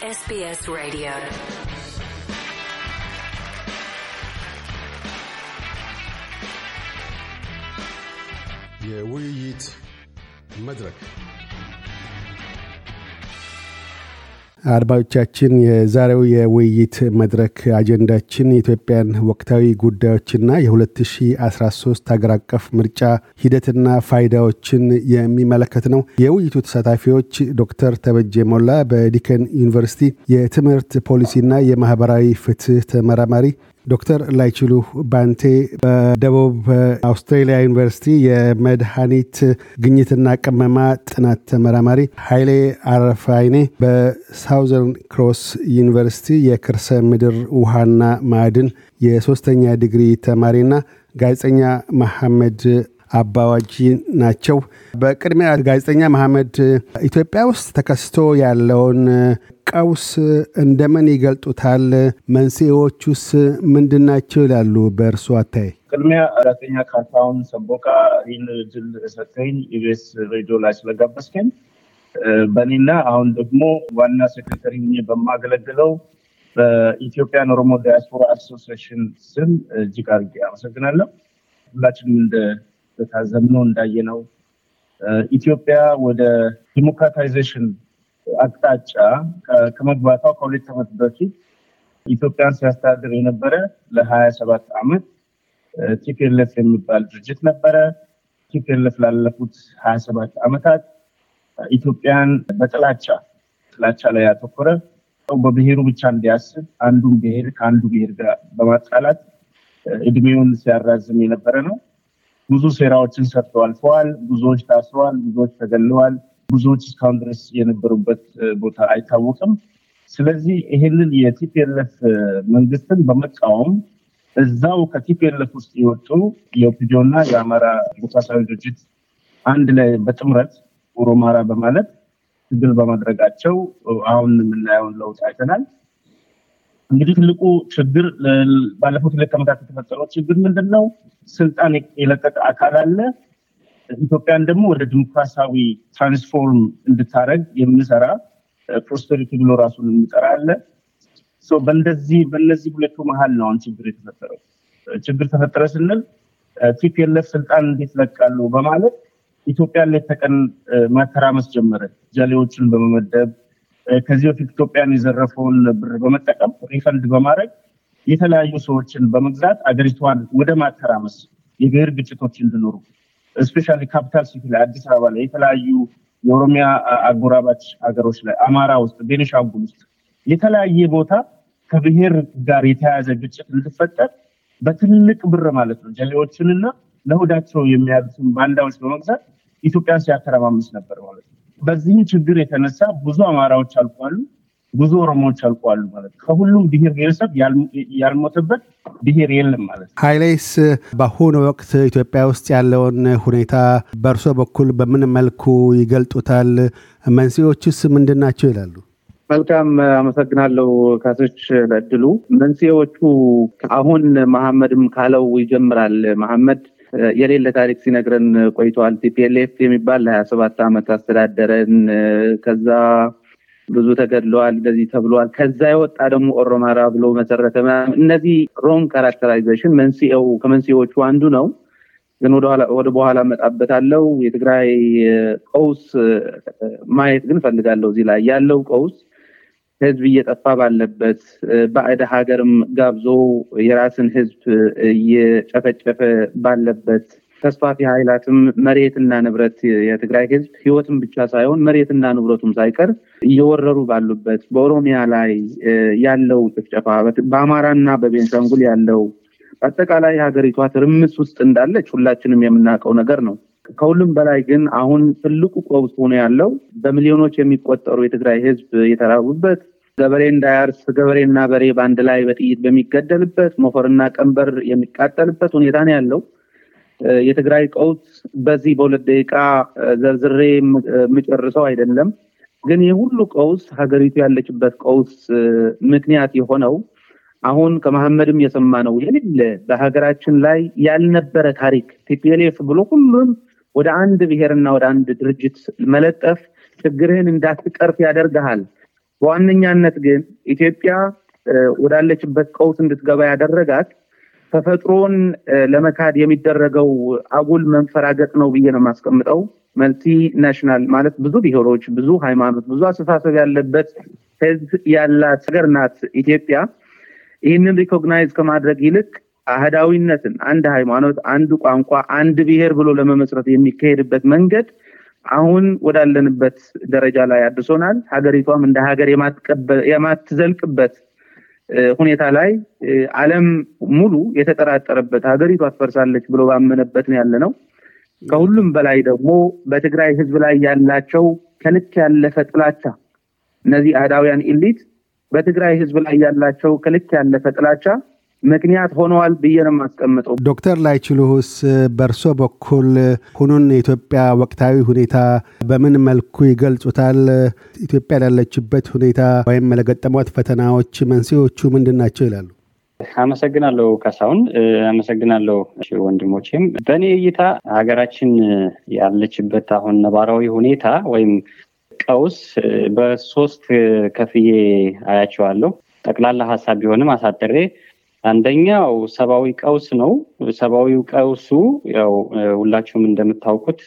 SBS Radio. Yeah, we eat madrak. አድማጮቻችን የዛሬው የውይይት መድረክ አጀንዳችን የኢትዮጵያን ወቅታዊ ጉዳዮችና የ2013 ሀገር አቀፍ ምርጫ ሂደትና ፋይዳዎችን የሚመለከት ነው። የውይይቱ ተሳታፊዎች ዶክተር ተበጀ ሞላ በዲከን ዩኒቨርሲቲ የትምህርት ፖሊሲና የማህበራዊ ፍትህ ተመራማሪ ዶክተር ላይችሉ ባንቴ በደቡብ አውስትሬሊያ ዩኒቨርሲቲ የመድኃኒት ግኝትና ቅመማ ጥናት ተመራማሪ፣ ኃይሌ አረፋይኔ በሳውዘርን ክሮስ ዩኒቨርሲቲ የክርሰ ምድር ውሃና ማዕድን የሶስተኛ ዲግሪ ተማሪና ጋዜጠኛ መሐመድ አባዋጅ ናቸው። በቅድሚያ ጋዜጠኛ መሐመድ፣ ኢትዮጵያ ውስጥ ተከስቶ ያለውን ቀውስ እንደምን ይገልጡታል? መንስኤዎቹስ ምንድን ናቸው ይላሉ በእርሱ አታይ? ቅድሚያ ጋዜጠኛ ካሳሁን ሰቦቃ ይህን ድል ሰጥተኸኝ ኢቤስ ሬዲዮ ላይ ስለጋበዝከኝ በእኔና አሁን ደግሞ ዋና ሴክሬታሪ በማገለግለው በኢትዮጵያን ኦሮሞ ዳያስፖራ አሶሲሽን ስም እጅግ አድርጌ አመሰግናለሁ። ሁላችንም እንደ እንደታዘብነው እንዳየነው ኢትዮጵያ ወደ ዲሞክራታይዜሽን አቅጣጫ ከመግባቷ ከሁለት ዓመት በፊት ኢትዮጵያን ሲያስተዳድር የነበረ ለሀያ ሰባት ዓመት ቲፒልፍ የሚባል ድርጅት ነበረ። ቲፒልፍ ላለፉት ሀያ ሰባት ዓመታት ኢትዮጵያን በጥላቻ ጥላቻ ላይ ያተኮረ በብሔሩ ብቻ እንዲያስብ አንዱን ብሔር ከአንዱ ብሔር ጋር በማጣላት እድሜውን ሲያራዝም የነበረ ነው። ብዙ ሴራዎችን ሰርተዋል ፈዋል ብዙዎች ታስረዋል፣ ብዙዎች ተገለዋል፣ ብዙዎች እስካሁን ድረስ የነበሩበት ቦታ አይታወቅም። ስለዚህ ይህንን የቲፒኤልኤፍ መንግስትን በመቃወም እዛው ከቲፒኤልኤፍ ውስጥ የወጡ የኦፒዲዮ እና የአማራ ቦታሳዊ ድርጅት አንድ ላይ በጥምረት ኦሮማራ በማለት ትግል በማድረጋቸው አሁን የምናየውን ለውጥ አይተናል። እንግዲህ ትልቁ ችግር ባለፉት ሁለት ዓመታት የተፈጠረው ችግር ምንድን ነው? ስልጣን የለቀቀ አካል አለ። ኢትዮጵያን ደግሞ ወደ ዲሞክራሲያዊ ትራንስፎርም እንድታደረግ የሚሰራ ፕሮስፐሪቲ ብሎ ራሱን የሚጠራ አለ። በእንደዚህ በእነዚህ ሁለቱ መሀል ነው አሁን ችግር የተፈጠረው። ችግር ተፈጠረ ስንል ቲፒኤልኤፍ ስልጣን እንዴት ለቃሉ በማለት ኢትዮጵያን ላይ ተቀን ማተራመስ ጀመረ። ጀሌዎችን በመመደብ ከዚህ በፊት ኢትዮጵያን የዘረፈውን ብር በመጠቀም ሪፈንድ በማድረግ የተለያዩ ሰዎችን በመግዛት አገሪቷን ወደ ማተራመስ የብሔር ግጭቶች እንዲኖሩ እስፔሻሊ ካፒታል ሲቲ ላይ አዲስ አበባ ላይ የተለያዩ የኦሮሚያ አጎራባች ሀገሮች ላይ አማራ ውስጥ፣ ቤኒሻንጉል ውስጥ የተለያየ ቦታ ከብሔር ጋር የተያያዘ ግጭት እንዲፈጠር በትልቅ ብር ማለት ነው ጀሌዎችንና ለሁዳቸው የሚያሉትን ባንዳዎች በመግዛት ኢትዮጵያን ሲያተረማምስ ነበር ማለት ነው። በዚህም ችግር የተነሳ ብዙ አማራዎች አልቋሉ፣ ብዙ ኦሮሞዎች አልቋሉ ማለት ነው። ከሁሉም ብሔር ብሔረሰብ ያልሞተበት ብሔር የለም ማለት ነው። ኃይሌስ በአሁኑ ወቅት ኢትዮጵያ ውስጥ ያለውን ሁኔታ በእርሶ በኩል በምን መልኩ ይገልጡታል? መንስኤዎችስ ምንድን ናቸው ይላሉ? መልካም አመሰግናለሁ ካሶች ለእድሉ። መንስኤዎቹ አሁን መሐመድም ካለው ይጀምራል። መሐመድ የሌለ ታሪክ ሲነግረን ቆይተዋል። ቲፒኤልኤፍ የሚባል ለሀያ ሰባት ዓመት አስተዳደረን። ከዛ ብዙ ተገድለዋል፣ እንደዚህ ተብለዋል። ከዛ የወጣ ደግሞ ኦሮማራ ብሎ መሰረተ። እነዚህ ሮንግ ካራክተራይዜሽን መንስኤው ከመንስኤዎቹ አንዱ ነው። ግን ወደ በኋላ እመጣበታለሁ። የትግራይ ቀውስ ማየት ግን ፈልጋለሁ። እዚህ ላይ ያለው ቀውስ ህዝብ እየጠፋ ባለበት በአይደ ሀገርም ጋብዞ የራስን ህዝብ እየጨፈጨፈ ባለበት ተስፋፊ ኃይላትም መሬትና ንብረት የትግራይ ህዝብ ህይወትም ብቻ ሳይሆን መሬትና ንብረቱም ሳይቀር እየወረሩ ባሉበት በኦሮሚያ ላይ ያለው ጭፍጨፋ በአማራና በቤንሻንጉል ያለው በአጠቃላይ ሀገሪቷ ትርምስ ውስጥ እንዳለች ሁላችንም የምናውቀው ነገር ነው። ከሁሉም በላይ ግን አሁን ትልቁ ቆውስ ሆኖ ያለው በሚሊዮኖች የሚቆጠሩ የትግራይ ህዝብ የተራቡበት ገበሬ እንዳያርስ ገበሬና በሬ በአንድ ላይ በጥይት በሚገደልበት ሞፈርና ቀንበር የሚቃጠልበት ሁኔታ ነው ያለው። የትግራይ ቀውስ በዚህ በሁለት ደቂቃ ዘርዝሬ የምጨርሰው አይደለም። ግን ይህ ሁሉ ቀውስ ሀገሪቱ ያለችበት ቀውስ ምክንያት የሆነው አሁን ከመሐመድም የሰማ ነው የሌለ በሀገራችን ላይ ያልነበረ ታሪክ ቲፒኤልኤፍ ብሎ ሁሉም ወደ አንድ ብሔርና ወደ አንድ ድርጅት መለጠፍ ችግርህን እንዳትቀርፍ ያደርግሃል በዋነኛነት ግን ኢትዮጵያ ወዳለችበት ቀውስ እንድትገባ ያደረጋት ተፈጥሮን ለመካድ የሚደረገው አጉል መንፈራገጥ ነው ብዬ ነው የማስቀምጠው። መልቲ ናሽናል ማለት ብዙ ብሔሮች፣ ብዙ ሃይማኖት፣ ብዙ አስተሳሰብ ያለበት ህዝብ ያላት ሀገር ናት ኢትዮጵያ። ይህንን ሪኮግናይዝ ከማድረግ ይልቅ አህዳዊነትን አንድ ሃይማኖት፣ አንድ ቋንቋ፣ አንድ ብሔር ብሎ ለመመስረት የሚካሄድበት መንገድ አሁን ወዳለንበት ደረጃ ላይ አድርሶናል። ሀገሪቷም እንደ ሀገር የማትዘልቅበት ሁኔታ ላይ ዓለም ሙሉ የተጠራጠረበት ሀገሪቷ ትፈርሳለች ብሎ ባመነበት ነው ያለ ነው። ከሁሉም በላይ ደግሞ በትግራይ ሕዝብ ላይ ያላቸው ከልክ ያለፈ ጥላቻ እነዚህ አህዳውያን ኢሊት በትግራይ ሕዝብ ላይ ያላቸው ከልክ ያለፈ ጥላቻ ምክንያት ሆነዋል ብዬ ነው የማስቀምጠው። ዶክተር ላይችልሁስ በእርሶ በኩል ሁኑን የኢትዮጵያ ወቅታዊ ሁኔታ በምን መልኩ ይገልጹታል? ኢትዮጵያ ላለችበት ሁኔታ ወይም ለገጠሟት ፈተናዎች መንስኤዎቹ ምንድን ናቸው ይላሉ? አመሰግናለሁ ካሳሁን፣ አመሰግናለሁ ወንድሞቼም። በእኔ እይታ ሀገራችን ያለችበት አሁን ነባራዊ ሁኔታ ወይም ቀውስ በሶስት ከፍዬ አያቸዋለሁ። ጠቅላላ ሀሳብ ቢሆንም አሳጥሬ አንደኛው ሰብአዊ ቀውስ ነው። ሰብአዊው ቀውሱ ያው ሁላችሁም እንደምታውቁት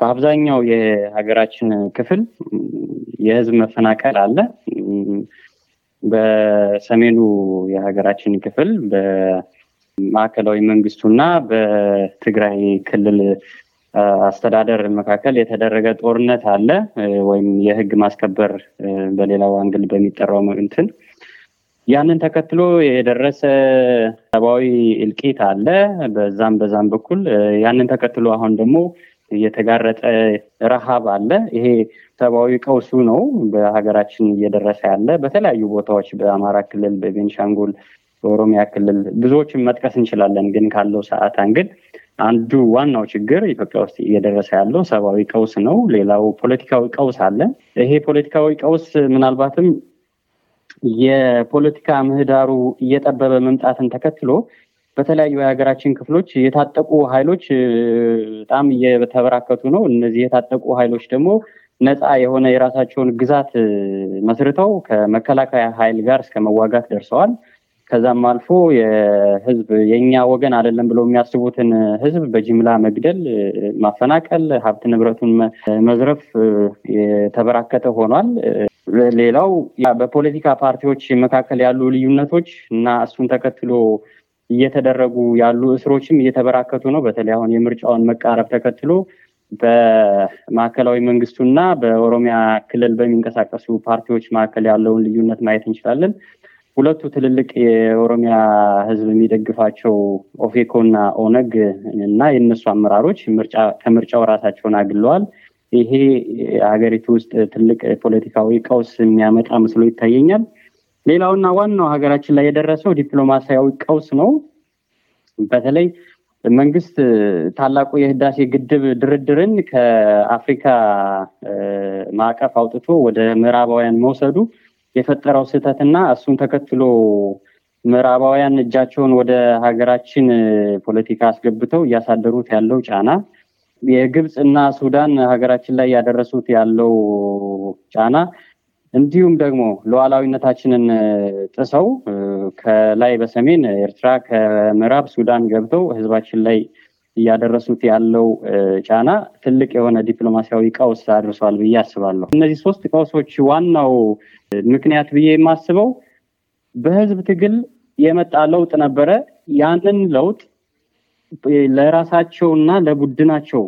በአብዛኛው የሀገራችን ክፍል የህዝብ መፈናቀል አለ። በሰሜኑ የሀገራችን ክፍል በማዕከላዊ መንግስቱና በትግራይ ክልል አስተዳደር መካከል የተደረገ ጦርነት አለ ወይም የህግ ማስከበር በሌላው አንግል በሚጠራው እንትን ያንን ተከትሎ የደረሰ ሰብአዊ እልቂት አለ። በዛም በዛም በኩል ያንን ተከትሎ አሁን ደግሞ የተጋረጠ ረሃብ አለ። ይሄ ሰብአዊ ቀውሱ ነው በሀገራችን እየደረሰ ያለ በተለያዩ ቦታዎች በአማራ ክልል፣ በቤንሻንጉል፣ በኦሮሚያ ክልል ብዙዎችን መጥቀስ እንችላለን። ግን ካለው ሰዓት አንግድ አንዱ ዋናው ችግር ኢትዮጵያ ውስጥ እየደረሰ ያለው ሰብአዊ ቀውስ ነው። ሌላው ፖለቲካዊ ቀውስ አለ። ይሄ ፖለቲካዊ ቀውስ ምናልባትም የፖለቲካ ምህዳሩ እየጠበበ መምጣትን ተከትሎ በተለያዩ የሀገራችን ክፍሎች የታጠቁ ኃይሎች በጣም እየተበራከቱ ነው። እነዚህ የታጠቁ ኃይሎች ደግሞ ነፃ የሆነ የራሳቸውን ግዛት መስርተው ከመከላከያ ኃይል ጋር እስከ መዋጋት ደርሰዋል። ከዛም አልፎ የህዝብ የእኛ ወገን አይደለም ብለው የሚያስቡትን ህዝብ በጅምላ መግደል፣ ማፈናቀል፣ ሀብት ንብረቱን መዝረፍ የተበራከተ ሆኗል። ሌላው በፖለቲካ ፓርቲዎች መካከል ያሉ ልዩነቶች እና እሱን ተከትሎ እየተደረጉ ያሉ እስሮችም እየተበራከቱ ነው። በተለይ አሁን የምርጫውን መቃረብ ተከትሎ በማዕከላዊ መንግስቱና በኦሮሚያ ክልል በሚንቀሳቀሱ ፓርቲዎች መካከል ያለውን ልዩነት ማየት እንችላለን። ሁለቱ ትልልቅ የኦሮሚያ ህዝብ የሚደግፋቸው ኦፌኮ እና ኦነግ እና የእነሱ አመራሮች ከምርጫው ራሳቸውን አግለዋል። ይሄ ሀገሪቱ ውስጥ ትልቅ ፖለቲካዊ ቀውስ የሚያመጣ ምስሎ ይታየኛል። ሌላውና ዋናው ሀገራችን ላይ የደረሰው ዲፕሎማሲያዊ ቀውስ ነው። በተለይ መንግስት ታላቁ የህዳሴ ግድብ ድርድርን ከአፍሪካ ማዕቀፍ አውጥቶ ወደ ምዕራባውያን መውሰዱ የፈጠረው ስህተትና እሱን ተከትሎ ምዕራባውያን እጃቸውን ወደ ሀገራችን ፖለቲካ አስገብተው እያሳደሩት ያለው ጫና የግብፅ እና ሱዳን ሀገራችን ላይ ያደረሱት ያለው ጫና እንዲሁም ደግሞ ሉዓላዊነታችንን ጥሰው ከላይ በሰሜን ኤርትራ ከምዕራብ ሱዳን ገብተው ህዝባችን ላይ እያደረሱት ያለው ጫና ትልቅ የሆነ ዲፕሎማሲያዊ ቀውስ አድርሷል ብዬ አስባለሁ። እነዚህ ሶስት ቀውሶች ዋናው ምክንያት ብዬ የማስበው በህዝብ ትግል የመጣ ለውጥ ነበረ። ያንን ለውጥ ለራሳቸውና ለቡድናቸው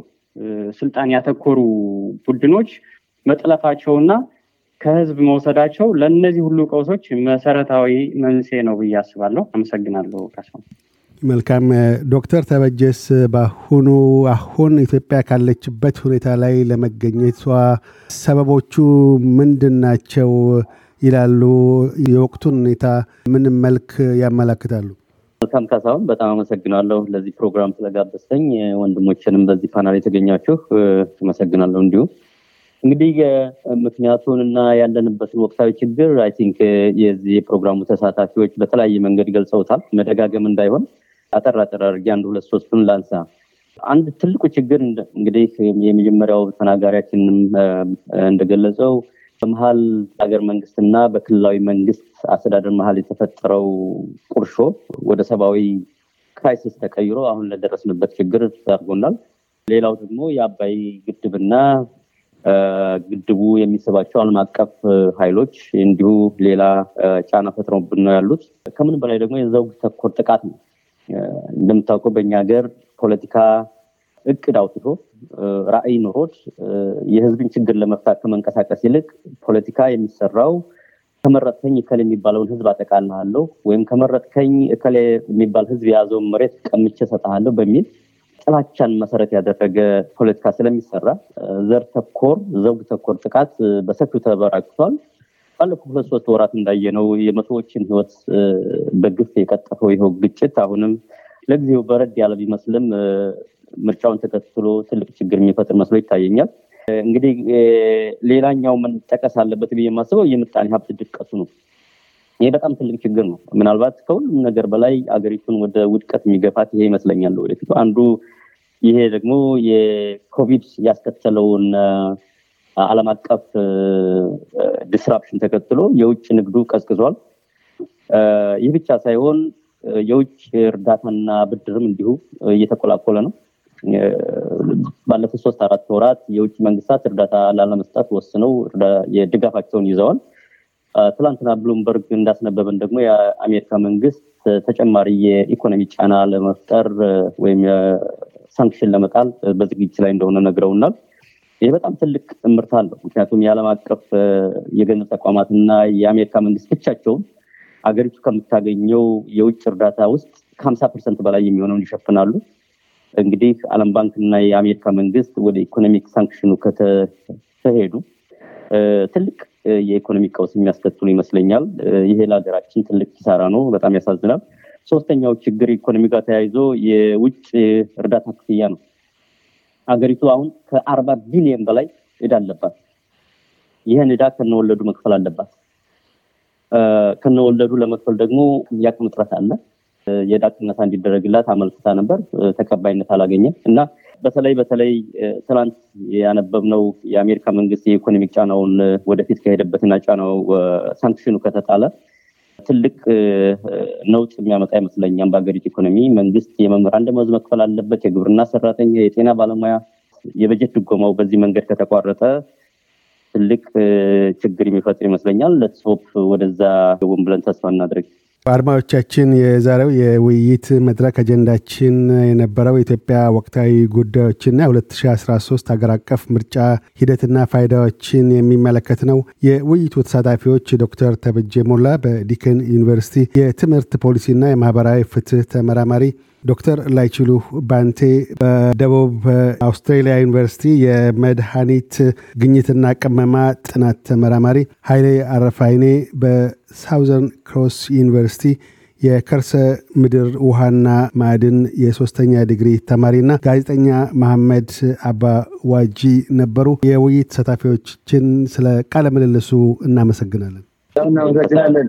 ስልጣን ያተኮሩ ቡድኖች መጥለፋቸውና ከህዝብ መውሰዳቸው ለእነዚህ ሁሉ ቀውሶች መሰረታዊ መንስኤ ነው ብዬ አስባለሁ። አመሰግናለሁ። ካሳሁን መልካም ዶክተር ተበጀስ በአሁኑ አሁን ኢትዮጵያ ካለችበት ሁኔታ ላይ ለመገኘቷ ሰበቦቹ ምንድን ናቸው ይላሉ? የወቅቱን ሁኔታ ምን መልክ ያመላክታሉ? መልካም ካሳሁን፣ በጣም አመሰግናለሁ ለዚህ ፕሮግራም ስለጋበዝከኝ። ወንድሞችንም በዚህ ፓናል የተገኛችሁ አመሰግናለሁ። እንዲሁም እንግዲህ ምክንያቱን እና ያለንበትን ወቅታዊ ችግር አይ ቲንክ የዚህ የፕሮግራሙ ተሳታፊዎች በተለያየ መንገድ ገልጸውታል። መደጋገም እንዳይሆን አጠር አጠር አድርጌ አንድ ሁለት ሶስቱን ላንሳ። አንድ ትልቁ ችግር እንግዲህ የመጀመሪያው ተናጋሪያችንም እንደገለጸው በመሀል ሀገር መንግስትና በክልላዊ መንግስት አስተዳደር መሀል የተፈጠረው ቁርሾ ወደ ሰብአዊ ክራይሲስ ተቀይሮ አሁን ለደረስንበት ችግር ዳርጎናል። ሌላው ደግሞ የአባይ ግድብና ግድቡ የሚስባቸው ዓለም አቀፍ ኃይሎች እንዲሁ ሌላ ጫና ፈጥረውብን ነው ያሉት። ከምንም በላይ ደግሞ የዘውግ ተኮር ጥቃት ነው። እንደምታውቀው በእኛ ሀገር ፖለቲካ እቅድ አውጥቶ ራዕይ ኖሮት የህዝብን ችግር ለመፍታት ከመንቀሳቀስ ይልቅ ፖለቲካ የሚሰራው ከመረጥከኝ እከል የሚባለውን ህዝብ አጠቃልሃለሁ ወይም ከመረጥከኝ እከል የሚባል ህዝብ የያዘውን መሬት ቀምቼ ሰጠሃለሁ በሚል ጥላቻን መሰረት ያደረገ ፖለቲካ ስለሚሰራ ዘር ተኮር ዘውግ ተኮር ጥቃት በሰፊው ተበራክቷል። ባለፉ ሁለት ሶስት ወራት እንዳየነው የመቶዎችን ህይወት በግፍ የቀጠፈው ይኸው ግጭት አሁንም ለጊዜው በረድ ያለ ቢመስልም ምርጫውን ተከትሎ ትልቅ ችግር የሚፈጥር መስሎ ይታየኛል። እንግዲህ ሌላኛው መጠቀስ አለበት ብዬ የማስበው የምጣኔ ሀብት ድቀቱ ነው። ይህ በጣም ትልቅ ችግር ነው። ምናልባት ከሁሉም ነገር በላይ አገሪቱን ወደ ውድቀት የሚገፋት ይሄ ይመስለኛል ወደፊቱ። አንዱ ይሄ ደግሞ የኮቪድ ያስከተለውን ዓለም አቀፍ ዲስራፕሽን ተከትሎ የውጭ ንግዱ ቀዝቅዟል። ይህ ብቻ ሳይሆን የውጭ እርዳታና ብድርም እንዲሁ እየተቆላቆለ ነው። ባለፉት ሶስት አራት ወራት የውጭ መንግስታት እርዳታ ላለመስጠት ወስነው የድጋፋቸውን ይዘዋል። ትላንትና ብሉምበርግ እንዳስነበበን ደግሞ የአሜሪካ መንግስት ተጨማሪ የኢኮኖሚ ጫና ለመፍጠር ወይም ሳንክሽን ለመጣል በዝግጅት ላይ እንደሆነ ነግረውናል። ይህ በጣም ትልቅ ምርት አለው። ምክንያቱም የዓለም አቀፍ የገንዘብ ተቋማትና የአሜሪካ መንግስት ብቻቸውን አገሪቱ ከምታገኘው የውጭ እርዳታ ውስጥ ከሀምሳ ፐርሰንት በላይ የሚሆነውን ይሸፍናሉ። እንግዲህ አለም ባንክና የአሜሪካ መንግስት ወደ ኢኮኖሚክ ሳንክሽኑ ከተሄዱ ትልቅ የኢኮኖሚ ቀውስ የሚያስከትሉ ይመስለኛል። ይሄ ለሀገራችን ትልቅ ኪሳራ ነው። በጣም ያሳዝናል። ሶስተኛው ችግር ኢኮኖሚ ጋር ተያይዞ የውጭ እርዳታ ክፍያ ነው። ሀገሪቱ አሁን ከአርባ ቢሊየን በላይ እዳ አለባት። ይህን እዳ ከነወለዱ መክፈል አለባት። ከነወለዱ ለመክፈል ደግሞ ያቅም ጥረት አለ። የዳቅነታ ቅነሳ እንዲደረግላት አመልክታ ነበር። ተቀባይነት አላገኘም እና በተለይ በተለይ ትናንት ያነበብነው የአሜሪካ መንግስት የኢኮኖሚክ ጫናውን ወደፊት ከሄደበትና ጫናው ሳንክሽኑ ከተጣለ ትልቅ ነውጥ የሚያመጣ ይመስለኛል። በሀገሪቱ ኢኮኖሚ መንግስት የመምህራን ደመወዝ መክፈል አለበት፣ የግብርና ሰራተኛ፣ የጤና ባለሙያ። የበጀት ድጎማው በዚህ መንገድ ከተቋረጠ ትልቅ ችግር የሚፈጥር ይመስለኛል። ለትሶፕ ወደዛ ገቡን ብለን ተስፋ እናድርግ። አድማጮቻችን የዛሬው የውይይት መድረክ አጀንዳችን የነበረው የኢትዮጵያ ወቅታዊ ጉዳዮችና 2013 ሀገር አቀፍ ምርጫ ሂደትና ፋይዳዎችን የሚመለከት ነው። የውይይቱ ተሳታፊዎች ዶክተር ተበጀ ሞላ በዲከን ዩኒቨርሲቲ የትምህርት ፖሊሲና የማህበራዊ ፍትህ ተመራማሪ ዶክተር ላይችሉ ባንቴ በደቡብ አውስትሬሊያ ዩኒቨርሲቲ የመድኃኒት ግኝትና ቅመማ ጥናት ተመራማሪ፣ ኃይሌ አረፋይኔ በሳውዘርን ክሮስ ዩኒቨርሲቲ የከርሰ ምድር ውሃና ማዕድን የሶስተኛ ዲግሪ ተማሪና ጋዜጠኛ መሐመድ አባዋጂ ነበሩ። የውይይት ተሳታፊዎችን ስለ ቃለ ምልልሱ እናመሰግናለን። እናመሰግናለን።